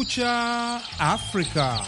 Kumekucha Afrika.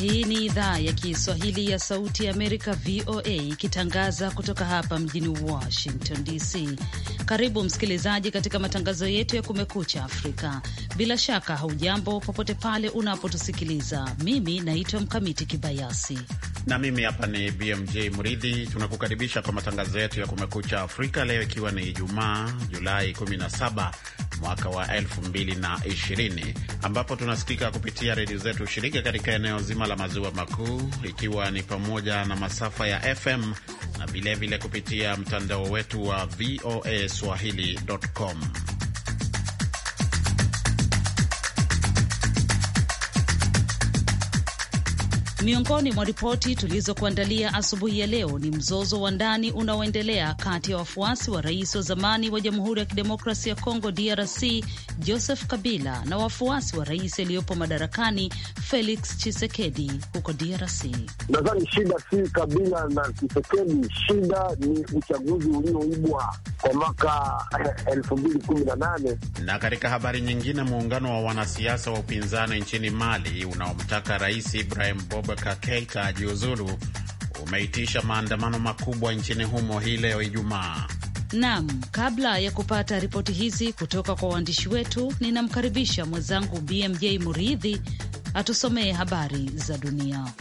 Hii ni idhaa ya Kiswahili ya Sauti ya Amerika, VOA, ikitangaza kutoka hapa mjini Washington DC. Karibu msikilizaji katika matangazo yetu ya Kumekucha Afrika. Bila shaka haujambo popote pale unapotusikiliza. Mimi naitwa Mkamiti Kibayasi na mimi hapa ni BMJ Mridhi. Tunakukaribisha kwa matangazo yetu ya Kumekucha Afrika leo, ikiwa ni Ijumaa Julai 17 mwaka wa 2020 ambapo tunasikika kupitia redio zetu shirika katika eneo zima la maziwa makuu ikiwa ni pamoja na masafa ya FM na vilevile kupitia mtandao wetu wa voa swahili.com. Miongoni mwa ripoti tulizokuandalia asubuhi ya leo ni mzozo wa ndani unaoendelea kati ya wafuasi wa rais wa zamani wa Jamhuri ya Kidemokrasia ya Kongo DRC Joseph Kabila na wafuasi wa rais aliyopo madarakani Felix Tshisekedi huko DRC. Nadhani shida si Kabila na Tshisekedi, shida ni uchaguzi ulioibwa kwa mwaka eh, nane. Na katika habari nyingine, muungano wa wanasiasa wa upinzani nchini Mali unaomtaka rais Ibrahim Bob Abubakar Keita jiuzulu umeitisha maandamano makubwa nchini humo hii leo Ijumaa. Naam, kabla ya kupata ripoti hizi kutoka kwa waandishi wetu, ninamkaribisha mwenzangu BMJ Muridhi atusomee habari za dunia.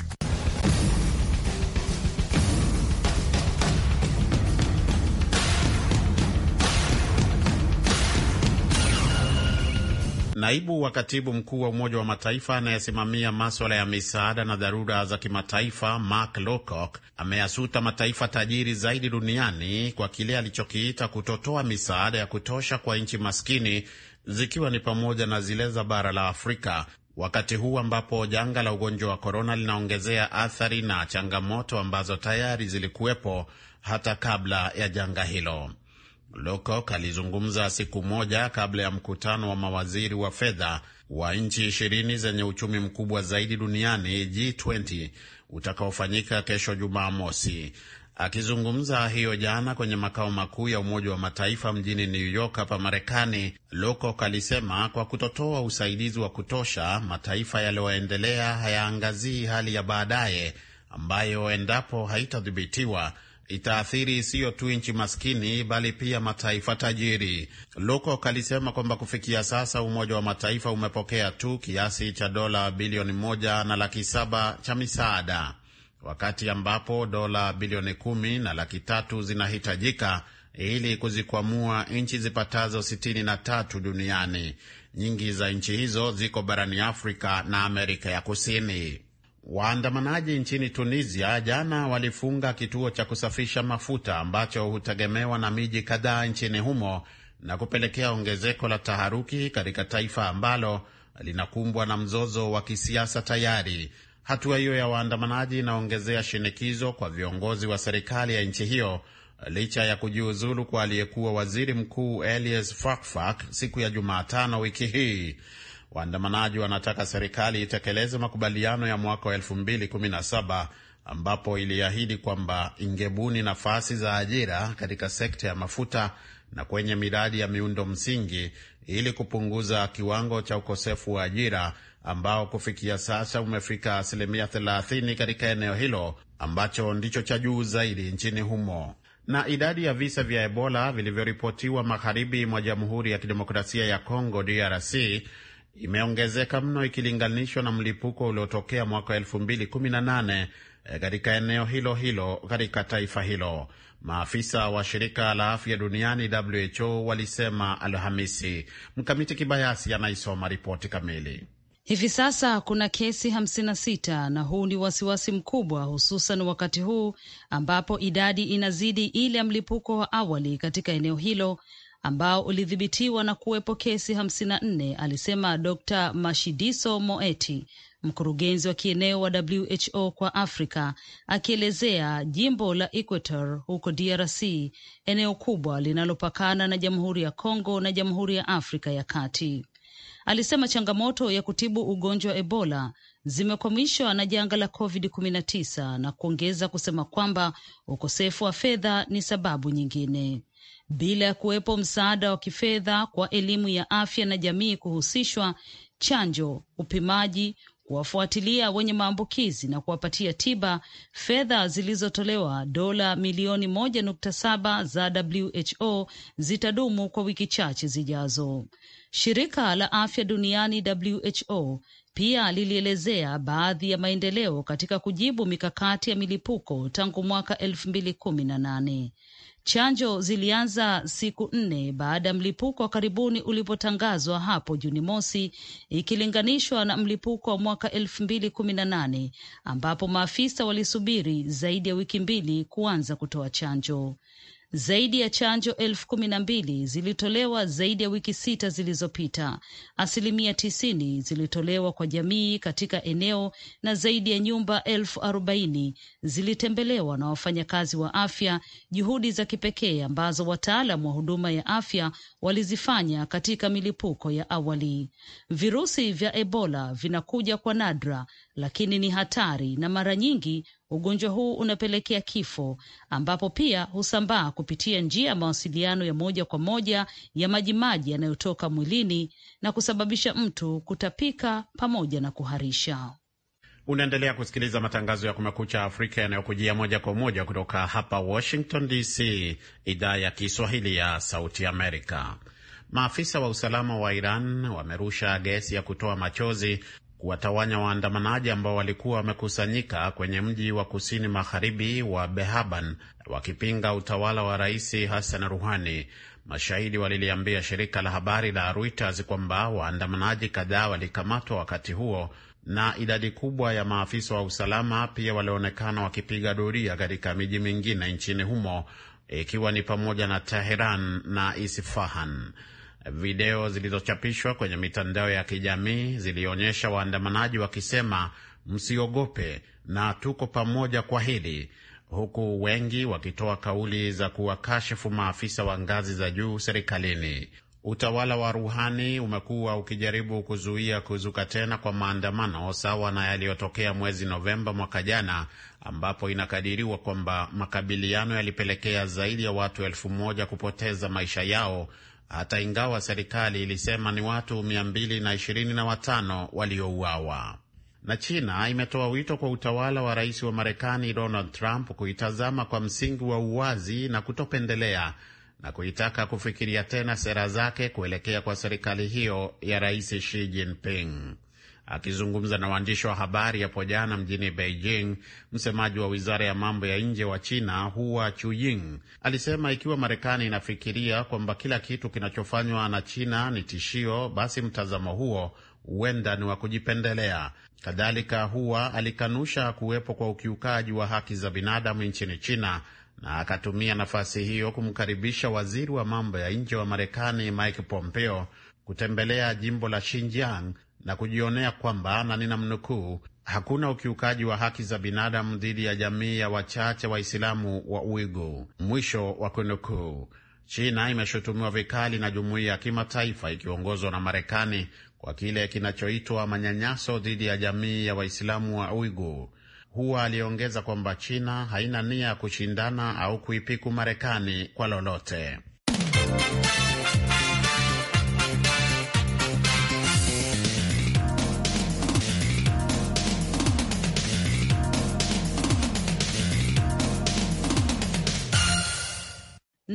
Naibu wa katibu mkuu wa Umoja wa Mataifa anayesimamia maswala ya misaada na dharura za kimataifa Mark Lowcock ameyasuta mataifa tajiri zaidi duniani kwa kile alichokiita kutotoa misaada ya kutosha kwa nchi maskini zikiwa ni pamoja na zile za bara la Afrika wakati huu ambapo janga la ugonjwa wa korona linaongezea athari na changamoto ambazo tayari zilikuwepo hata kabla ya janga hilo. Lowcock alizungumza siku moja kabla ya mkutano wa mawaziri wa fedha wa nchi ishirini zenye uchumi mkubwa zaidi duniani G20 utakaofanyika kesho Jumamosi. Akizungumza hiyo jana kwenye makao makuu ya Umoja wa Mataifa mjini New York hapa Marekani, Lowcock alisema kwa kutotoa usaidizi wa kutosha, mataifa yaliyoendelea hayaangazii hali ya baadaye ambayo endapo haitadhibitiwa itaathiri siyo tu nchi maskini bali pia mataifa tajiri. Lukok alisema kwamba kufikia sasa Umoja wa Mataifa umepokea tu kiasi cha dola bilioni moja na laki saba cha misaada, wakati ambapo dola bilioni kumi na laki tatu zinahitajika ili kuzikwamua nchi zipatazo sitini na tatu duniani. Nyingi za nchi hizo ziko barani Afrika na Amerika ya Kusini. Waandamanaji nchini Tunisia jana walifunga kituo cha kusafisha mafuta ambacho hutegemewa na miji kadhaa nchini humo na kupelekea ongezeko la taharuki katika taifa ambalo linakumbwa na mzozo wa kisiasa tayari. Hatua hiyo ya waandamanaji inaongezea shinikizo kwa viongozi wa serikali ya nchi hiyo licha ya kujiuzulu kwa aliyekuwa waziri mkuu Elias Fakfak siku ya Jumatano wiki hii. Waandamanaji wanataka serikali itekeleze makubaliano ya mwaka wa 2017 ambapo iliahidi kwamba ingebuni nafasi za ajira katika sekta ya mafuta na kwenye miradi ya miundo msingi ili kupunguza kiwango cha ukosefu wa ajira ambao kufikia sasa umefika asilimia 30 katika eneo hilo ambacho ndicho cha juu zaidi nchini humo. Na idadi ya visa vya Ebola vilivyoripotiwa magharibi mwa Jamhuri ya Kidemokrasia ya Kongo DRC imeongezeka mno ikilinganishwa na mlipuko uliotokea mwaka 2018 eh, katika eneo hilo hilo katika taifa hilo. Maafisa wa shirika la afya duniani WHO walisema Alhamisi. Mkamiti Kibayasi anaisoma ripoti kamili. Hivi sasa kuna kesi 56 na huu ni wasiwasi mkubwa, hususan wakati huu ambapo idadi inazidi ile ya mlipuko wa awali katika eneo hilo ambao ulidhibitiwa na kuwepo kesi 54, alisema Dr. Mashidiso Moeti, mkurugenzi wa kieneo wa WHO kwa Afrika, akielezea jimbo la Equator huko DRC, eneo kubwa linalopakana na Jamhuri ya congo na Jamhuri ya Afrika ya Kati. Alisema changamoto ya kutibu ugonjwa wa Ebola zimekwamishwa na janga la COVID-19 na kuongeza kusema kwamba ukosefu wa fedha ni sababu nyingine bila ya kuwepo msaada wa kifedha kwa elimu ya afya na jamii kuhusishwa, chanjo, upimaji, kuwafuatilia wenye maambukizi na kuwapatia tiba. Fedha zilizotolewa dola milioni 1.7 za WHO zitadumu kwa wiki chache zijazo. Shirika la afya duniani WHO pia lilielezea baadhi ya maendeleo katika kujibu mikakati ya milipuko tangu mwaka elfu mbili kumi na nane. Chanjo zilianza siku nne baada ya mlipuko wa karibuni ulipotangazwa hapo Juni mosi ikilinganishwa na mlipuko wa mwaka elfu mbili kumi na nane ambapo maafisa walisubiri zaidi ya wiki mbili kuanza kutoa chanjo. Zaidi ya chanjo elfu kumi na mbili zilitolewa zaidi ya wiki sita zilizopita. Asilimia tisini zilitolewa kwa jamii katika eneo na zaidi ya nyumba elfu arobaini zilitembelewa na wafanyakazi wa afya, juhudi za kipekee ambazo wataalam wa huduma ya afya walizifanya katika milipuko ya awali. Virusi vya Ebola vinakuja kwa nadra, lakini ni hatari na mara nyingi Ugonjwa huu unapelekea kifo, ambapo pia husambaa kupitia njia ya mawasiliano ya moja kwa moja ya majimaji yanayotoka mwilini na kusababisha mtu kutapika pamoja na kuharisha. Unaendelea kusikiliza matangazo ya Kumekucha Afrika yanayokujia moja kwa moja kutoka hapa Washington DC, idhaa ya Kiswahili ya Sauti Amerika. Maafisa wa usalama wa Iran wamerusha gesi ya kutoa machozi kuwatawanya waandamanaji ambao walikuwa wamekusanyika kwenye mji wa kusini magharibi wa Behaban wakipinga utawala wa Rais Hassan Ruhani. Mashahidi waliliambia shirika la habari la Reuters kwamba waandamanaji kadhaa walikamatwa wakati huo na idadi kubwa ya maafisa wa usalama pia walionekana wakipiga doria katika miji mingine nchini humo ikiwa ni pamoja na Teheran na Isfahan. Video zilizochapishwa kwenye mitandao ya kijamii zilionyesha waandamanaji wakisema msiogope na tuko pamoja kwa hili, huku wengi wakitoa kauli za kuwakashifu maafisa wa ngazi za juu serikalini. Utawala wa Ruhani umekuwa ukijaribu kuzuia kuzuka tena kwa maandamano sawa na yaliyotokea mwezi Novemba mwaka jana, ambapo inakadiriwa kwamba makabiliano yalipelekea zaidi ya watu elfu moja kupoteza maisha yao hata ingawa serikali ilisema ni watu 225 waliouawa. Na China imetoa wito kwa utawala wa rais wa Marekani Donald Trump kuitazama kwa msingi wa uwazi na kutopendelea na kuitaka kufikiria tena sera zake kuelekea kwa serikali hiyo ya rais Xi Jinping. Akizungumza na waandishi wa habari hapo jana mjini Beijing, msemaji wa wizara ya mambo ya nje wa China Hua chuying alisema ikiwa Marekani inafikiria kwamba kila kitu kinachofanywa na China ni tishio, basi mtazamo huo huenda ni wa kujipendelea. Kadhalika, Hua alikanusha kuwepo kwa ukiukaji wa haki za binadamu nchini China na akatumia nafasi hiyo kumkaribisha waziri wa mambo ya nje wa Marekani Mike Pompeo kutembelea jimbo la Xinjiang na kujionea kwamba na nina mnukuu hakuna ukiukaji wa haki za binadamu dhidi ya jamii ya wachache Waislamu wa, wa Uigu, mwisho wa kunukuu. China imeshutumiwa vikali na jumuiya ya kimataifa ikiongozwa na Marekani kwa kile kinachoitwa manyanyaso dhidi ya jamii ya Waislamu wa Uigu. Huwa aliongeza kwamba China haina nia ya kushindana au kuipiku Marekani kwa lolote.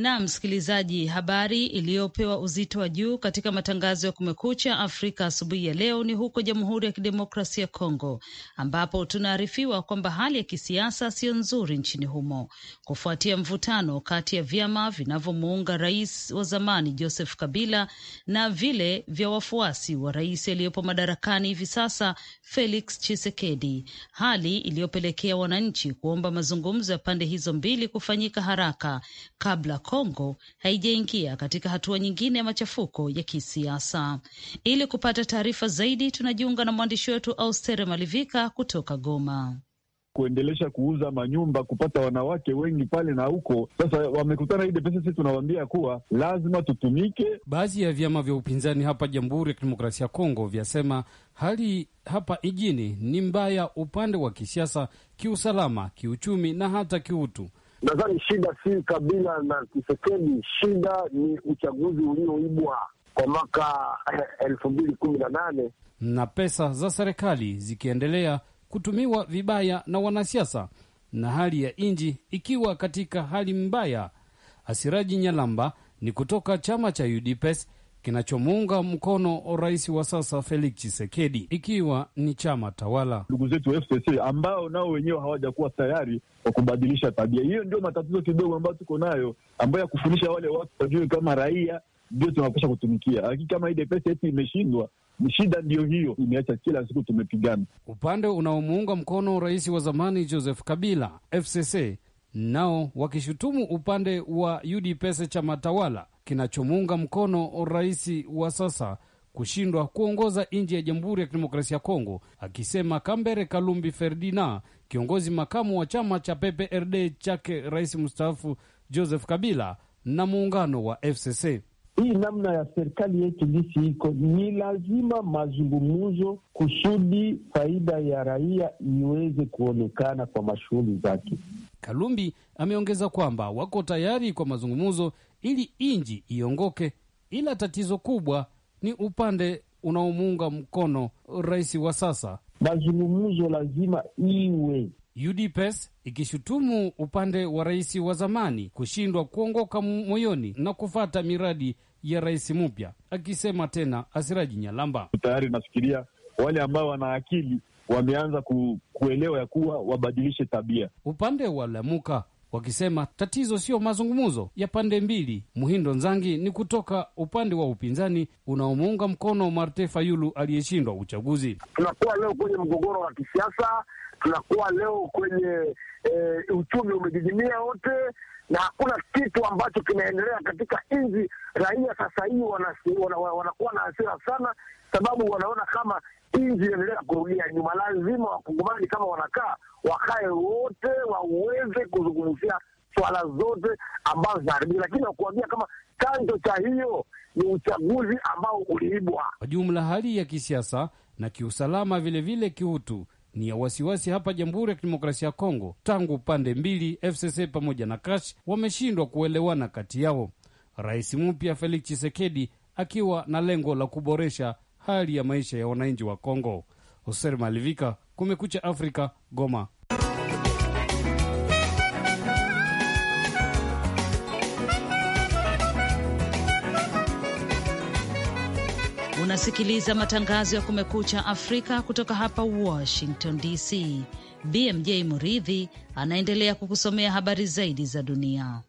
Na msikilizaji, habari iliyopewa uzito wa juu katika matangazo ya Kumekucha Afrika asubuhi ya leo ni huko Jamhuri ya Kidemokrasia ya Kongo, ambapo tunaarifiwa kwamba hali ya kisiasa siyo nzuri nchini humo kufuatia mvutano kati ya vyama vinavyomuunga rais wa zamani Joseph Kabila na vile vya wafuasi wa rais aliyepo madarakani hivi sasa Felix Tshisekedi, hali iliyopelekea wananchi kuomba mazungumzo ya pande hizo mbili kufanyika haraka kabla Kongo haijaingia katika hatua nyingine ya machafuko ya kisiasa. Ili kupata taarifa zaidi, tunajiunga na mwandishi wetu Austere Malivika kutoka Goma kuendelesha kuuza manyumba kupata wanawake wengi pale na huko sasa, wamekutana ile pesa. Sisi tunawaambia kuwa lazima tutumike. Baadhi ya vyama vya upinzani hapa Jamhuri ya Kidemokrasia ya Kongo vyasema hali hapa ijini ni mbaya upande wa kisiasa, kiusalama, kiuchumi na hata kiutu. Nadhani shida si Kabila na Kisekedi, shida ni uchaguzi ulioibwa kwa mwaka eh, elfu mbili kumi na nane na pesa za serikali zikiendelea kutumiwa vibaya na wanasiasa na hali ya nchi ikiwa katika hali mbaya. Asiraji Nyalamba ni kutoka chama cha UDPS kinachomuunga mkono rais wa sasa Felix chisekedi ikiwa ni chama tawala. Ndugu zetu wa FCC ambao nao wenyewe hawajakuwa tayari kwa kubadilisha tabia hiyo, ndio matatizo kidogo ambayo tuko nayo, ambayo ya kufundisha wale watu wajue kama raia ndio tunapasha kutumikia, lakini kama ile pesa yetu imeshindwa shida ndiyo hiyo imeacha kila siku tumepigana. Upande unaomuunga mkono rais wa zamani Joseph Kabila, FCC, nao wakishutumu upande wa UDPS, chama tawala, kinachomuunga mkono rais wa sasa kushindwa kuongoza nchi ya Jamhuri ya Kidemokrasia ya Kongo, akisema Kambere Kalumbi Ferdinand, kiongozi makamu wa chama cha PPRD chake rais mstaafu Joseph Kabila na muungano wa FCC. Hii namna ya serikali yetu jisi iko, ni lazima mazungumuzo kusudi faida ya raia iweze kuonekana kwa mashughuli zake. Kalumbi ameongeza kwamba wako tayari kwa mazungumuzo ili inji iongoke, ila tatizo kubwa ni upande unaomuunga mkono rais wa sasa. Mazungumzo lazima iwe UDPS ikishutumu upande wa rais wa zamani kushindwa kuongoka moyoni na kufata miradi ya rais mpya, akisema tena Asiraji Nyalamba. Tayari nafikiria wale ambao wana akili wameanza ku, kuelewa ya kuwa wabadilishe tabia. Upande wa Lamuka wakisema tatizo siyo mazungumzo ya pande mbili. Muhindo Nzangi ni kutoka upande wa upinzani unaomuunga mkono Marte Fayulu aliyeshindwa uchaguzi. Tunakuwa leo kwenye mgogoro wa kisiasa tunakuwa leo kwenye e, uchumi umedidimia wote, na hakuna kitu ambacho kinaendelea katika nchi. Raia sasa hii wanakuwa wana, wana, na hasira sana, sababu wanaona kama nchi inaendelea kurudia nyuma. Lazima wakongomani kama wanakaa wakae wote waweze kuzungumzia swala zote ambazo zinaharibia, lakini wakuambia kama chanzo cha hiyo ni uchaguzi ambao uliibwa. Kwa jumla, hali ya kisiasa na kiusalama vilevile kiutu ni ya wasiwasi hapa Jamhuri ya Kidemokrasia ya Kongo, tangu pande mbili FCC pamoja na Kash wameshindwa kuelewana kati yao, rais mpya Felix Chisekedi akiwa na lengo la kuboresha hali ya maisha ya wananchi wa Kongo. Hoser Malivika, Kumekucha Afrika, Goma. Unasikiliza matangazo ya Kumekucha Afrika kutoka hapa Washington DC. BMJ Muridhi anaendelea kukusomea habari zaidi za dunia.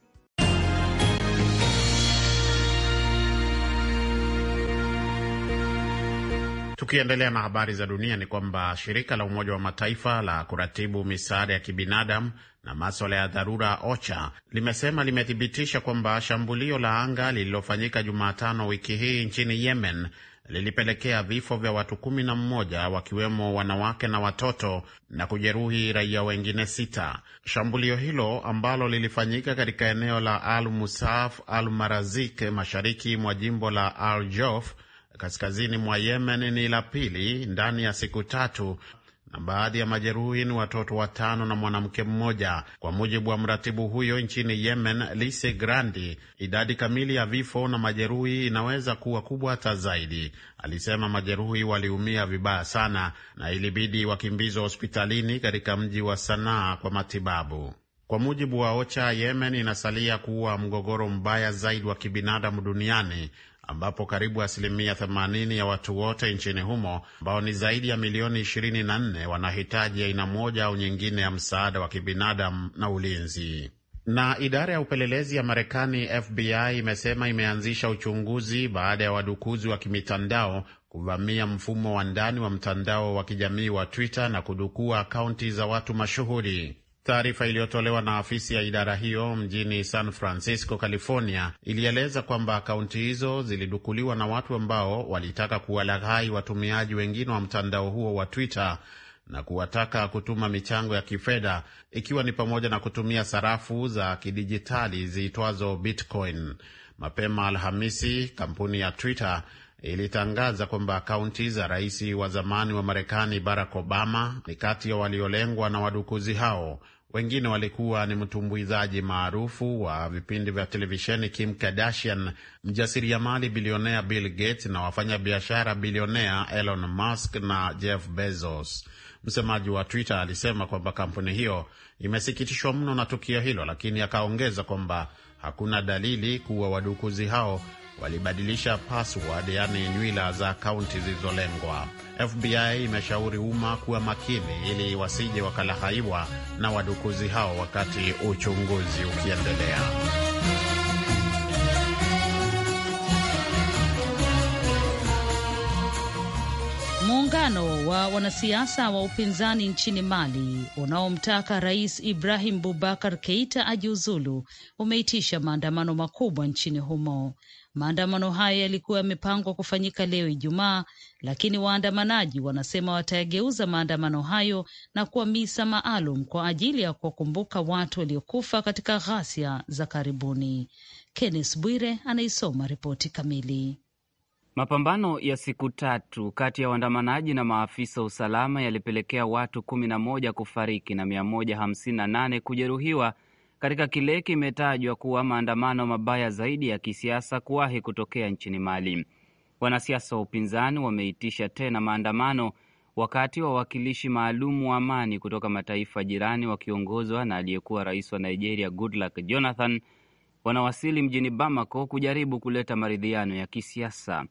Tukiendelea na habari za dunia ni kwamba shirika la Umoja wa Mataifa la kuratibu misaada ya kibinadamu na maswala ya dharura OCHA limesema limethibitisha kwamba shambulio la anga lililofanyika Jumatano wiki hii nchini Yemen lilipelekea vifo vya watu kumi na mmoja wakiwemo wanawake na watoto na kujeruhi raia wengine sita. Shambulio hilo ambalo lilifanyika katika eneo la Al Musaf Al Marazik mashariki mwa jimbo la Al Jof kaskazini mwa Yemen ni la pili ndani ya siku tatu na baadhi ya majeruhi ni watoto watano na mwanamke mmoja, kwa mujibu wa mratibu huyo nchini Yemen, Lise Grandi. Idadi kamili ya vifo na majeruhi inaweza kuwa kubwa hata zaidi. Alisema majeruhi waliumia vibaya sana na ilibidi wakimbizwa hospitalini katika mji wa Sanaa kwa matibabu. Kwa mujibu wa OCHA, Yemen inasalia kuwa mgogoro mbaya zaidi wa kibinadamu duniani ambapo karibu asilimia 80 ya watu wote nchini humo ambao ni zaidi ya milioni 24 wanahitaji aina moja au nyingine ya msaada wa kibinadamu na ulinzi. Na idara ya upelelezi ya Marekani FBI imesema imeanzisha uchunguzi baada ya wadukuzi wa kimitandao kuvamia mfumo wa ndani wa mtandao wa kijamii wa Twitter na kudukua akaunti za watu mashuhuri. Taarifa iliyotolewa na afisi ya idara hiyo mjini San Francisco, California, ilieleza kwamba akaunti hizo zilidukuliwa na watu ambao walitaka kuwalaghai watumiaji wengine wa mtandao huo wa Twitter na kuwataka kutuma michango ya kifedha ikiwa ni pamoja na kutumia sarafu za kidijitali ziitwazo Bitcoin. Mapema Alhamisi, kampuni ya Twitter ilitangaza kwamba akaunti za rais wa zamani wa Marekani Barack Obama ni kati ya waliolengwa na wadukuzi hao wengine walikuwa ni mtumbuizaji maarufu wa vipindi vya televisheni Kim Kardashian, mjasiriamali bilionea Bill Gates na wafanyabiashara bilionea Elon Musk na Jeff Bezos. Msemaji wa Twitter alisema kwamba kampuni hiyo imesikitishwa mno na tukio hilo, lakini akaongeza kwamba hakuna dalili kuwa wadukuzi hao walibadilisha password, yaani nywila za kaunti zilizolengwa. FBI imeshauri umma kuwa makini ili wasije wakalahaiwa na wadukuzi hao wakati uchunguzi ukiendelea. Muungano wa wanasiasa wa upinzani nchini Mali unaomtaka Rais Ibrahim bubakar Keita ajiuzulu umeitisha maandamano makubwa nchini humo. Maandamano hayo yalikuwa yamepangwa kufanyika leo Ijumaa, lakini waandamanaji wanasema watayageuza maandamano hayo na kuwa misa maalum kwa ajili ya kuwakumbuka watu waliokufa katika ghasia za karibuni. Kenneth Bwire anaisoma ripoti kamili. Mapambano ya siku tatu kati ya waandamanaji na maafisa usalama yalipelekea watu 11 kufariki na 158 kujeruhiwa katika kile kimetajwa kuwa maandamano mabaya zaidi ya kisiasa kuwahi kutokea nchini Mali. Wanasiasa wa upinzani wameitisha tena maandamano wakati wa wawakilishi maalum wa amani kutoka mataifa jirani wakiongozwa na aliyekuwa rais wa Nigeria Goodluck Jonathan wanawasili mjini Bamako kujaribu kuleta maridhiano ya kisiasa.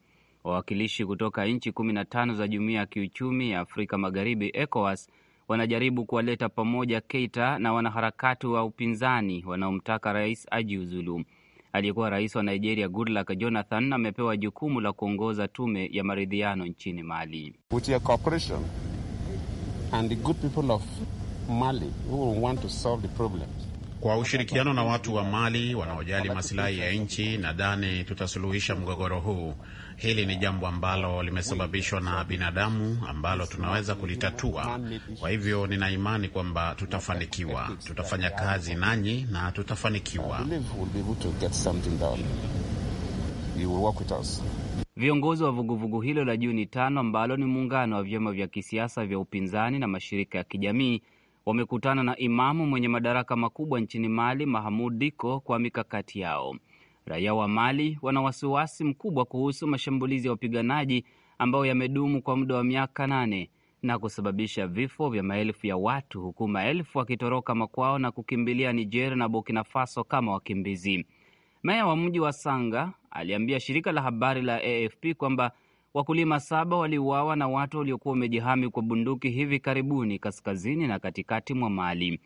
Wawakilishi kutoka nchi kumi na tano za Jumuiya ya Kiuchumi ya Afrika Magharibi, ECOWAS, wanajaribu kuwaleta pamoja Keita na wanaharakati wa upinzani wanaomtaka rais ajiuzulu. Aliyekuwa rais wa Nigeria Goodluck Jonathan amepewa jukumu la kuongoza tume ya maridhiano nchini Mali. With your cooperation and the good people of Mali who will want to solve the Kwa ushirikiano na watu wa Mali wanaojali masilahi ya nchi, nadhani tutasuluhisha mgogoro huu. Hili ni jambo ambalo limesababishwa na binadamu ambalo tunaweza kulitatua. Kwa hivyo nina imani kwamba tutafanikiwa, tutafanya kazi nanyi na tutafanikiwa. Viongozi wa vuguvugu hilo la Juni tano ambalo ni muungano wa vyama vya kisiasa vya upinzani na mashirika ya kijamii wamekutana na imamu mwenye madaraka makubwa nchini Mali, Mahamud Diko, kwa mikakati yao. Raia wa Mali wana wasiwasi mkubwa kuhusu mashambulizi ya wapiganaji ambayo yamedumu kwa muda wa miaka nane na kusababisha vifo vya maelfu ya watu huku maelfu wakitoroka makwao na kukimbilia Niger na Burkina Faso kama wakimbizi. Meya wa mji wa Sanga aliambia shirika la habari la AFP kwamba wakulima saba waliuawa na watu waliokuwa wamejihami kwa bunduki hivi karibuni kaskazini na katikati mwa Mali.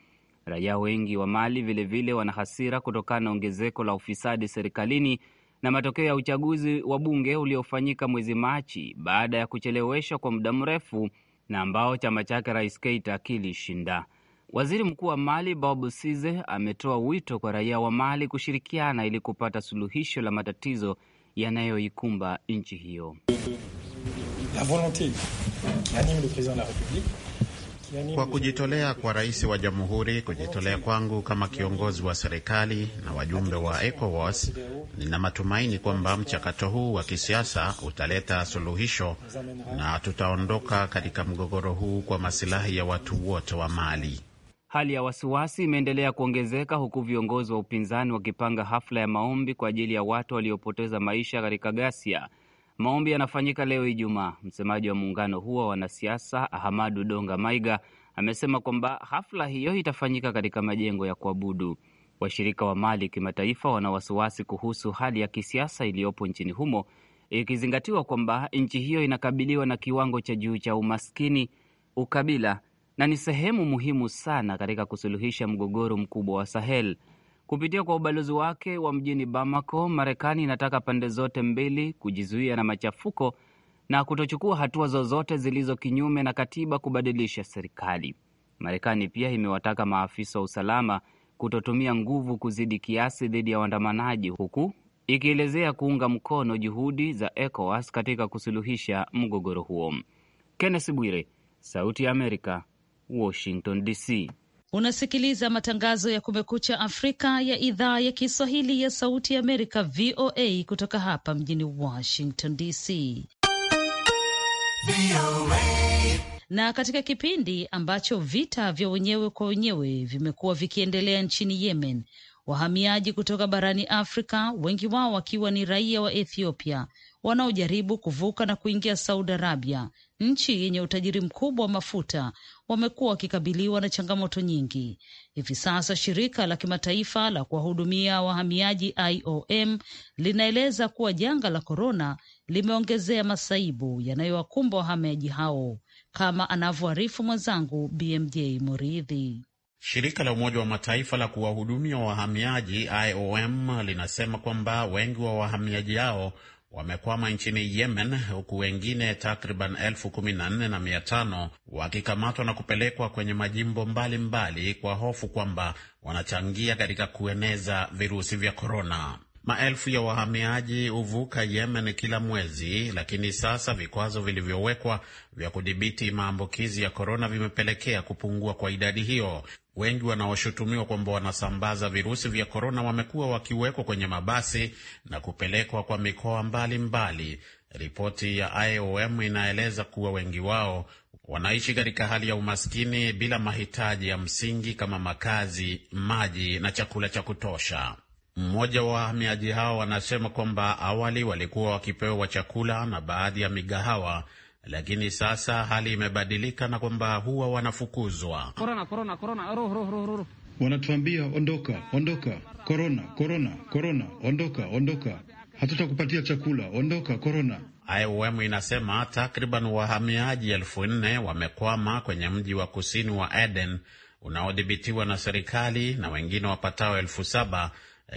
Raia wengi wa Mali vilevile wana hasira kutokana na ongezeko la ufisadi serikalini na matokeo ya uchaguzi wa bunge uliofanyika mwezi Machi baada ya kucheleweshwa kwa muda mrefu na ambao chama chake Rais Keita kilishinda. Waziri Mkuu wa Mali Bob Size ametoa wito kwa raia wa Mali kushirikiana ili kupata suluhisho la matatizo yanayoikumba nchi hiyo. La volonte anime le de la kwa kujitolea kwa rais wa jamhuri, kujitolea kwangu kama kiongozi wa serikali na wajumbe wa ECOWAS, nina matumaini kwamba mchakato huu wa kisiasa utaleta suluhisho na tutaondoka katika mgogoro huu kwa masilahi ya watu wote wa Mali. Hali ya wasiwasi imeendelea kuongezeka huku viongozi wa upinzani wakipanga hafla ya maombi kwa ajili ya watu waliopoteza maisha katika ghasia Maombi yanafanyika leo Ijumaa. Msemaji wa muungano huo wa wanasiasa Ahamadu Donga Maiga amesema kwamba hafla hiyo itafanyika katika majengo ya kuabudu. Washirika wa mali kimataifa wana wasiwasi kuhusu hali ya kisiasa iliyopo nchini humo, ikizingatiwa kwamba nchi hiyo inakabiliwa na kiwango cha juu cha umaskini, ukabila na ni sehemu muhimu sana katika kusuluhisha mgogoro mkubwa wa Sahel. Kupitia kwa ubalozi wake wa mjini Bamako, Marekani inataka pande zote mbili kujizuia na machafuko na kutochukua hatua zozote zilizo kinyume na katiba kubadilisha serikali. Marekani pia imewataka maafisa wa usalama kutotumia nguvu kuzidi kiasi dhidi ya waandamanaji, huku ikielezea kuunga mkono juhudi za ECOWAS katika kusuluhisha mgogoro huo. Kenneth Bwire, Sauti ya Amerika, Washington DC. Unasikiliza matangazo ya Kumekucha Afrika ya idhaa ya Kiswahili ya Sauti ya Amerika, VOA, kutoka hapa mjini Washington DC na katika kipindi ambacho vita vya wenyewe kwa wenyewe vimekuwa vikiendelea nchini Yemen, wahamiaji kutoka barani Afrika, wengi wao wakiwa ni raia wa Ethiopia, wanaojaribu kuvuka na kuingia Saudi Arabia, nchi yenye utajiri mkubwa wa mafuta, wamekuwa wakikabiliwa na changamoto nyingi. Hivi sasa shirika la kimataifa la kuwahudumia wahamiaji IOM linaeleza kuwa janga la korona limeongezea masaibu yanayowakumba wahamiaji hao, kama anavyoarifu mwenzangu BMJ Muridhi. Shirika la Umoja wa Mataifa la kuwahudumia wahamiaji IOM linasema kwamba wengi wa wahamiaji hao wamekwama nchini Yemen, huku wengine takriban elfu kumi na nne na mia tano wakikamatwa na kupelekwa kwenye majimbo mbalimbali mbali kwa hofu kwamba wanachangia katika kueneza virusi vya korona. Maelfu ya wahamiaji huvuka Yemen kila mwezi, lakini sasa vikwazo vilivyowekwa vya kudhibiti maambukizi ya korona vimepelekea kupungua kwa idadi hiyo. Wengi wanaoshutumiwa kwamba wanasambaza virusi vya korona wamekuwa wakiwekwa kwenye mabasi na kupelekwa kwa mikoa mbalimbali. Ripoti ya IOM inaeleza kuwa wengi wao wanaishi katika hali ya umaskini bila mahitaji ya msingi kama makazi, maji na chakula cha kutosha. Mmoja wa wahamiaji hao wanasema kwamba awali walikuwa wakipewa chakula na baadhi ya migahawa, lakini sasa hali imebadilika na kwamba huwa wanafukuzwa. Korona, korona, korona, Wanatuambia ondoka, ondoka, korona, korona, korona, ondoka, ondoka, hatutakupatia chakula, ondoka, korona. IOM inasema takriban wahamiaji elfu nne wamekwama kwenye mji wa kusini wa Aden unaodhibitiwa na serikali na wengine wapatao elfu saba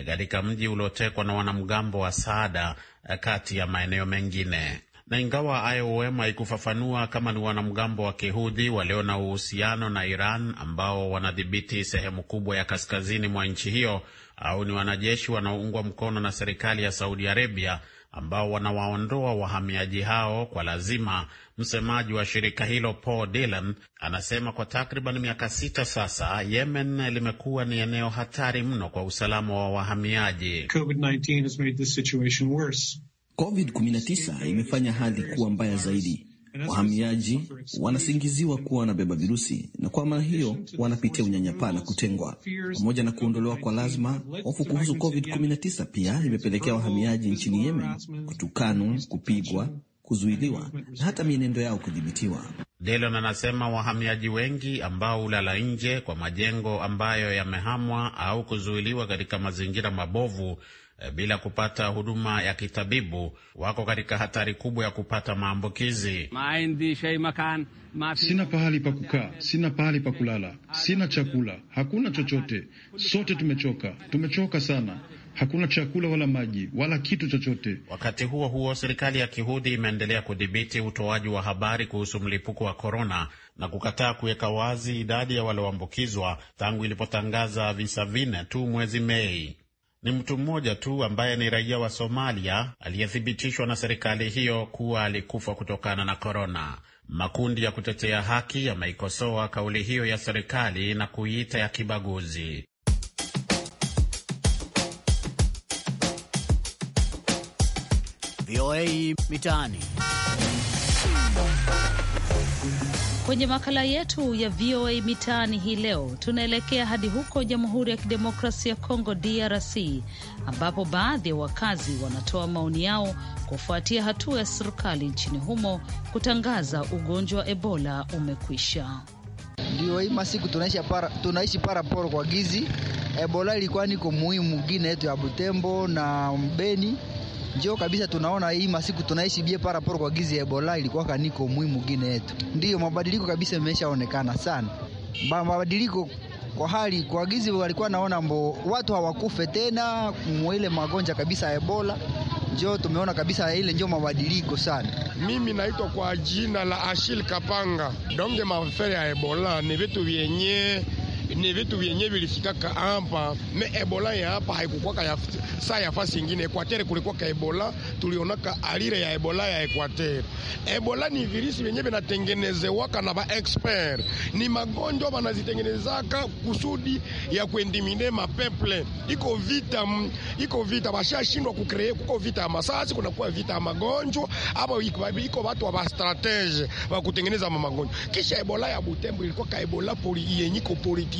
katika mji uliotekwa na wanamgambo wa Saada eh, kati ya maeneo mengine. Na ingawa IOM haikufafanua kama ni wanamgambo wa Kihudhi walio na uhusiano na Iran ambao wanadhibiti sehemu kubwa ya kaskazini mwa nchi hiyo au ni wanajeshi wanaoungwa mkono na serikali ya Saudi Arabia ambao wanawaondoa wahamiaji hao kwa lazima. Msemaji wa shirika hilo Paul Dillon anasema kwa takriban miaka sita sasa, Yemen limekuwa ni eneo hatari mno kwa usalama wa wahamiaji. COVID-19 imefanya hali kuwa mbaya zaidi. Wahamiaji wanasingiziwa kuwa wanabeba virusi na kwa maana hiyo wanapitia unyanyapaa na kutengwa, pamoja na kuondolewa kwa lazima. Hofu kuhusu COVID-19 pia imepelekea wahamiaji nchini Yemen kutukanwa, kupigwa, kuzuiliwa na hata mienendo yao kudhibitiwa. Delon anasema wahamiaji wengi ambao hulala nje kwa majengo ambayo yamehamwa au kuzuiliwa katika mazingira mabovu Eh, bila kupata huduma ya kitabibu wako katika hatari kubwa ya kupata maambukizi. Sina pahali pa kukaa, sina pahali pa kulala, sina chakula, hakuna chochote. Sote tumechoka, tumechoka sana. Hakuna chakula wala maji wala kitu chochote. Wakati huo huo, serikali ya Kihudi imeendelea kudhibiti utoaji wa habari kuhusu mlipuko wa korona na kukataa kuweka wazi idadi ya walioambukizwa tangu ilipotangaza visa vinne tu mwezi Mei ni mtu mmoja tu ambaye ni raia wa Somalia aliyethibitishwa na serikali hiyo kuwa alikufa kutokana na korona. Makundi ya kutetea haki yameikosoa kauli hiyo ya serikali na kuiita ya kibaguzi. VOA Mitaani. Kwenye makala yetu ya VOA Mitaani hii leo, tunaelekea hadi huko Jamhuri ya Kidemokrasia ya Kongo, DRC, ambapo baadhi ya wakazi wanatoa maoni yao kufuatia hatua ya serikali nchini humo kutangaza ugonjwa wa Ebola umekwisha. Ndio hii masiku tunaishi para, tunaishi paraporo kwa gizi. Ebola ilikuwa niko muhimu gine yetu ya Butembo na Mbeni Njoo kabisa tunaona hii masiku tunaishi bie para poro kwa gizi ya Ebola ilikuwa kaniko muhimu gine yetu. Ndiyo mabadiliko kabisa imeshaonekana sana. Mabadiliko kwa hali kwa gizi walikuwa naona mbo watu hawakufe tena mwile magonja kabisa ya Ebola. Njoo tumeona kabisa ile njoo mabadiliko sana. Mimi naitwa kwa jina la Ashil Kapanga. Donge mafere ya Ebola ni vitu vyenye ni vitu vyenye vilifikaka hapa. Me ebola ya hapa haikukwaka ya saa ya fasi ingine. Ekwatere kulikwaka ebola, tulionaka alire ya ebola ya Ekwatere. Ebola ni virusi vyenye vinatengenezewaka na baexpert, ni magonjwa wanazitengenezaka kusudi ya kuendimine mapeple. Iko vita, iko vita bashashindwa kukree, kuko vita ya masasi, kunakuwa vita ya magonjwa apa, iko watu wa bastratege wa kutengeneza magonjwa. Kisha ebola ya Butembo ilikuwa ka ebola poli yenyiko politi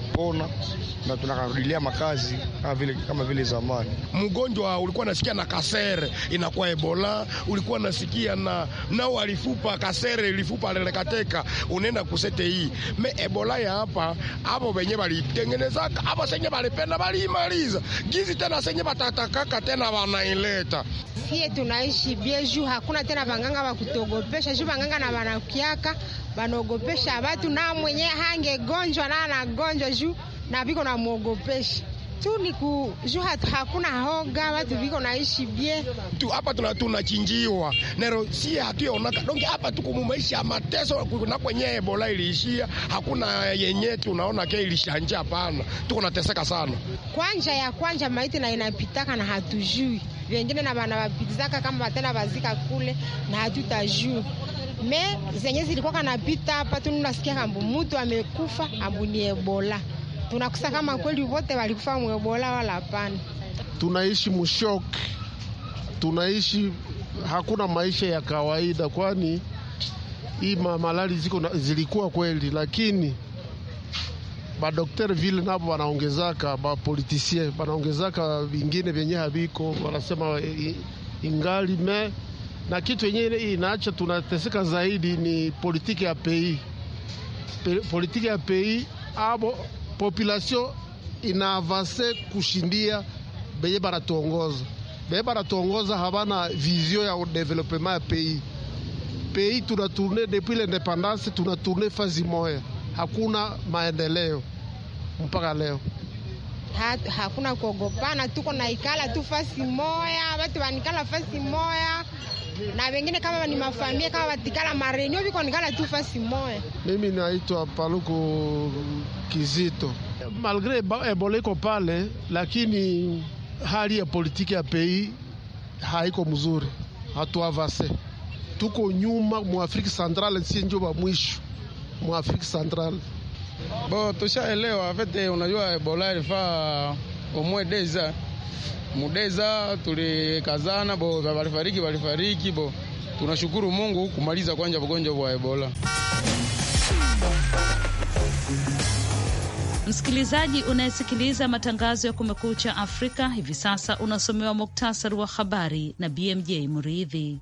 kupona na tunakarudilia makazi kama vile, kama vile zamani. Mgonjwa ulikuwa nasikia na kasere inakuwa Ebola, ulikuwa nasikia na nao alifupa kasere ilifupa alelekateka unaenda kusete hii me Ebola ya hapa hapo venye valitengenezaka hapo senye valipenda valiimaliza gizi tena senye vatatakaka tena wanaileta Sie tunaishi bieju, hakuna tena vanganga vakutogopesha juu vanganga na wanakiaka banogopesha abatu na mwenye hange gonjwa na anagonjwa juu na viko na namwogopesha tu ni kujua hakuna hoga, watu viko naishi bie tu hapa, tuna tunachinjiwa nero si hatuonaka donge hapa tu kwa maisha ya mateso, na kwenye Ebola iliishia, hakuna yenye tunaona ke ilishanja, hapana, tuko nateseka sana. Kwanja ya kwanja maiti na inapitaka na hatujui, vingine na bana wapitizaka kama batena bazika kule na hatutajui me zenye zilikuwa kanapita hapa tu, nasikia kambu mtu amekufa ambuni Ebola. Tunakusa kama kweli wote walikufa mu Ebola wala hapana. Tunaishi mushok, tunaishi hakuna maisha ya kawaida, kwani hii malali ziko zilikuwa kweli, lakini badokteri vile navo wanaongezaka, bapolitisie wanaongezaka, vingine vyenye haviko wanasema ingali me na kitu yenyewe inaacha tunateseka zaidi ni politiki ya pei, politiki ya pei abo population inaavase kushindia benye banatuongoza benye banatuongoza habana vizio ya developema ya pei pei. Tunaturne depuis l'independance, tunaturne fazi moya, hakuna maendeleo mpaka leo. Ha, hakuna kuogopana, tuko naikala tu fasi moya, watu wanikala fasi moya na wengine kama ni mafamilia kama watikala marenio viko nikala tu fasi moya. Mimi naitwa Paluku Kizito. Malgre Ebola iko pale, lakini hali ya politiki ya pei haiko mzuri, hatuavase tuko nyuma mu Afrika Central, si njo ba mwisho mu Afrika Central. Bo tushaelewa vete, unajua Ebola ilifaa omwe deza Mudeza tulikazana bo, walifariki walifariki bo. Tunashukuru Mungu kumaliza kwanja ugonjwa wa Ebola. Msikilizaji unayesikiliza matangazo ya Kumekucha Afrika hivi sasa unasomewa muktasari wa habari na BMJ Muridhi.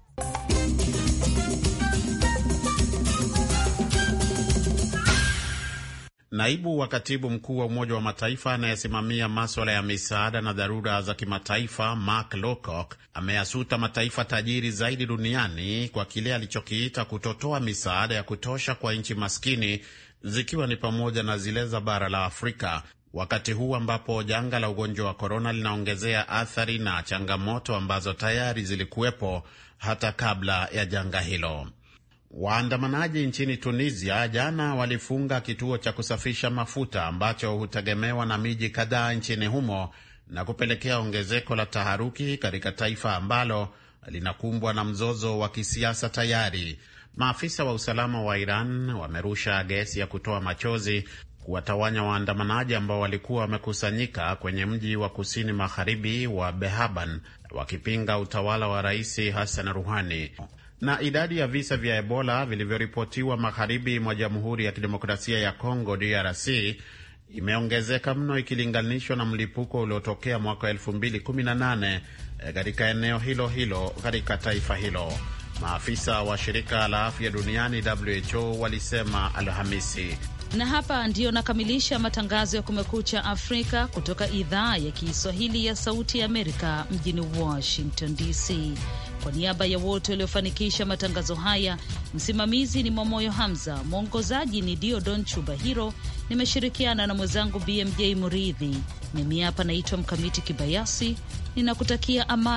Naibu wa katibu mkuu wa Umoja wa Mataifa anayesimamia maswala ya misaada na dharura za kimataifa Mark Lowcock ameyasuta mataifa tajiri zaidi duniani kwa kile alichokiita kutotoa misaada ya kutosha kwa nchi maskini zikiwa ni pamoja na zile za bara la Afrika wakati huu ambapo janga la ugonjwa wa korona linaongezea athari na changamoto ambazo tayari zilikuwepo hata kabla ya janga hilo. Waandamanaji nchini Tunisia jana walifunga kituo cha kusafisha mafuta ambacho hutegemewa na miji kadhaa nchini humo na kupelekea ongezeko la taharuki katika taifa ambalo linakumbwa na mzozo wa kisiasa tayari. Maafisa wa usalama wa Iran wamerusha gesi ya kutoa machozi kuwatawanya waandamanaji ambao walikuwa wamekusanyika kwenye mji wa kusini magharibi wa Behaban wakipinga utawala wa Rais Hassan Ruhani. Na idadi ya visa vya Ebola vilivyoripotiwa magharibi mwa Jamhuri ya Kidemokrasia ya Kongo DRC imeongezeka mno ikilinganishwa na mlipuko uliotokea mwaka 2018 eh, katika eneo hilo hilo katika taifa hilo. Maafisa wa shirika la afya duniani WHO walisema Alhamisi. Na hapa ndiyo nakamilisha matangazo ya Kumekucha Afrika kutoka idhaa ya Kiswahili ya Sauti ya Amerika mjini Washington DC. Kwa niaba ya wote waliofanikisha matangazo haya, msimamizi ni Mwamoyo Hamza, mwongozaji ni Diodon Chubahiro, nimeshirikiana na mwenzangu BMJ Muridhi. Mimi hapa naitwa Mkamiti Kibayasi, ninakutakia ama